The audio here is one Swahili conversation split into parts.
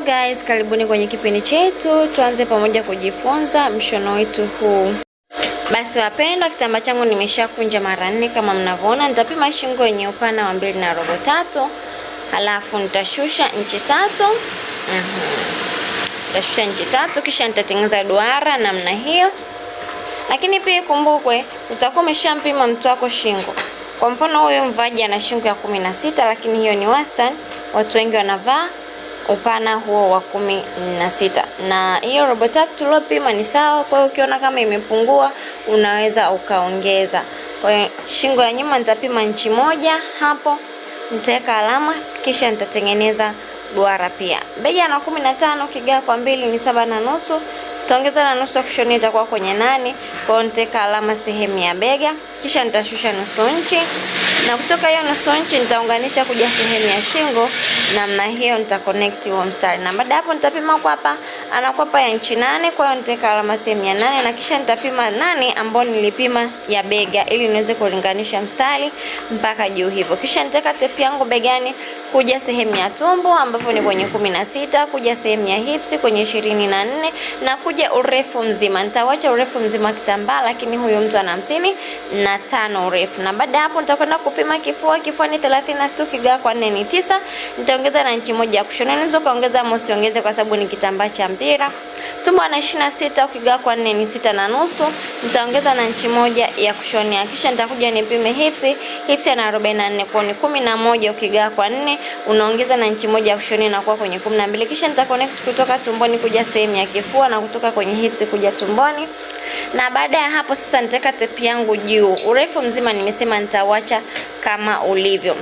guys, karibuni kwenye kipindi chetu. Tuanze pamoja kujifunza mshono wetu huu. Basi wapendwa, kitambaa changu nimeshakunja mara nne kama mnavyoona. Nitapima shingo yenye upana wa mbili na robo tatu, halafu nitashusha nchi tatu. Mhm. Nitashusha nchi tatu kisha nitatengeneza duara namna hiyo. Lakini pia kumbukwe, utakuwa umeshampima mtu wako shingo. Kwa mfano, huyu mvaji ana shingo ya kumi na sita, lakini hiyo ni wastani, watu wengi wanavaa upana huo wa kumi na sita na hiyo robo tatu tuliopima ni sawa. Kwa hiyo ukiona kama imepungua unaweza ukaongeza. Kwa hiyo shingo ya nyuma nitapima nchi moja hapo, nitaweka alama kisha nitatengeneza duara pia. Bega na kumi na tano kigaa kwa mbili ni saba na nusu, tutaongeza na nusu ya kushoni itakuwa kwenye nane. Kwa hiyo nitaweka alama sehemu ya bega kisha nitashusha nusu nchi, na kutoka hiyo nusu nchi nitaunganisha kuja sehemu ya shingo. Namna hiyo nita connect huo mstari, na baada hapo nitapima kwa hapa, anakuwa hapa ya inchi nane, kwa hiyo nitaweka alama sehemu ya nane, na kisha nitapima nane ambayo nilipima ya bega, ili niweze kulinganisha mstari mpaka juu hivyo. Kisha nitaweka tepi yangu begani kuja sehemu ya tumbo ambapo ni kwenye kumi na sita kuja sehemu ya hipsi kwenye ishirini na nne na kuja urefu mzima. Nitawacha urefu mzima kitambaa, lakini huyu mtu ana hamsini na na tano urefu, na baada ya hapo nitakwenda kupima kifua. Kifua ni 36 kigawa kwa 4 ni 9, nitaongeza na inchi moja ya kushona. Unaweza kaongeza ama usiongeze, kwa sababu ni kitambaa cha mpira. Tumbo na 26 ukigawa kwa 4 ni sita na nusu, nitaongeza na inchi moja ya kushonea, kisha nitakuja nipime hips. Hips ana 44 kwa ni 11 ukigawa kwa 4 unaongeza na inchi moja ya kushonea na kuwa kwenye 12, kisha nita kutoka tumboni kuja sehemu ya kifua na kutoka kwenye hips kuja tumboni na baada ya hapo sasa nitaweka tepi yangu juu. Urefu mzima nimesema nitawacha kama ulivyo.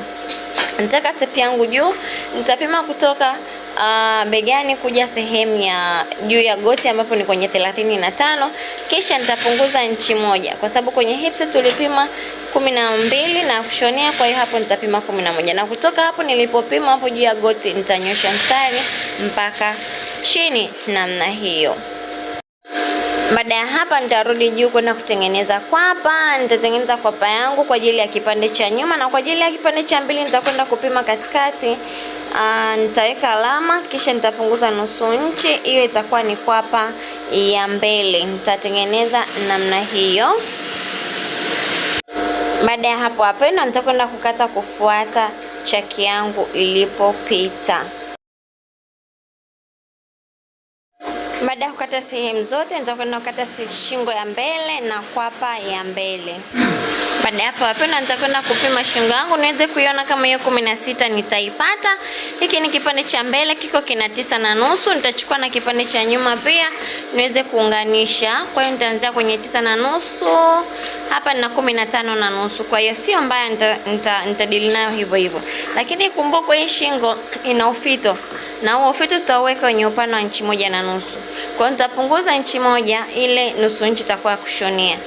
Nitaweka tepi yangu juu, nitapima kutoka Uh, begani kuja sehemu ya juu ya goti ambapo ni kwenye 35, kisha nitapunguza nchi moja kwa sababu kwenye hips tulipima kumi na mbili na kushonea, kwa hiyo hapo nitapima kumi na moja na kutoka hapo nilipopima hapo juu ya goti nitanyosha mstari mpaka chini namna hiyo. Baada ya hapa nitarudi juu kwenda kutengeneza kwapa. Nitatengeneza kwapa yangu kwa ajili ya kipande cha nyuma na kwa ajili ya kipande cha mbili nitakwenda kupima katikati. Uh, nitaweka alama kisha nitapunguza nusu nchi, hiyo itakuwa ni kwapa ya mbele. Nitatengeneza namna hiyo. Baada ya hapo, wapendwa, nitakwenda kukata kufuata chaki yangu ilipopita. Baada ya kukata sehemu zote, nitakwenda kukata shingo ya mbele na kwapa ya mbele. Baada ya hapo, wapenda, nitakwenda kupima shingo yangu niweze kuiona kama hiyo kumi na sita nitaipata. Hiki ni kipande cha mbele, kiko kina tisa na nusu. Nitachukua na kipande cha nyuma pia niweze kuunganisha. Kwa hiyo nitaanzia kwenye tisa na nusu hapa na kumi na tano na nusu. Kwa hiyo sio mbaya, nitadili nayo hivyo hivyo, lakini kumbuka hii shingo ina ufito na huo ufito tutauweka kwenye upana wa inchi moja na nusu. Kwa nitapunguza inchi moja, ile nusu inchi itakuwa ya kushonia.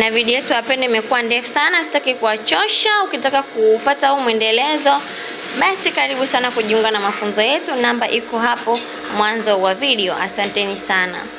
Na video yetu ya pendo imekuwa ndefu sana, sitaki kuwachosha. Ukitaka kupata huu mwendelezo, basi karibu sana kujiunga na mafunzo yetu, namba iko hapo mwanzo wa video. Asanteni sana.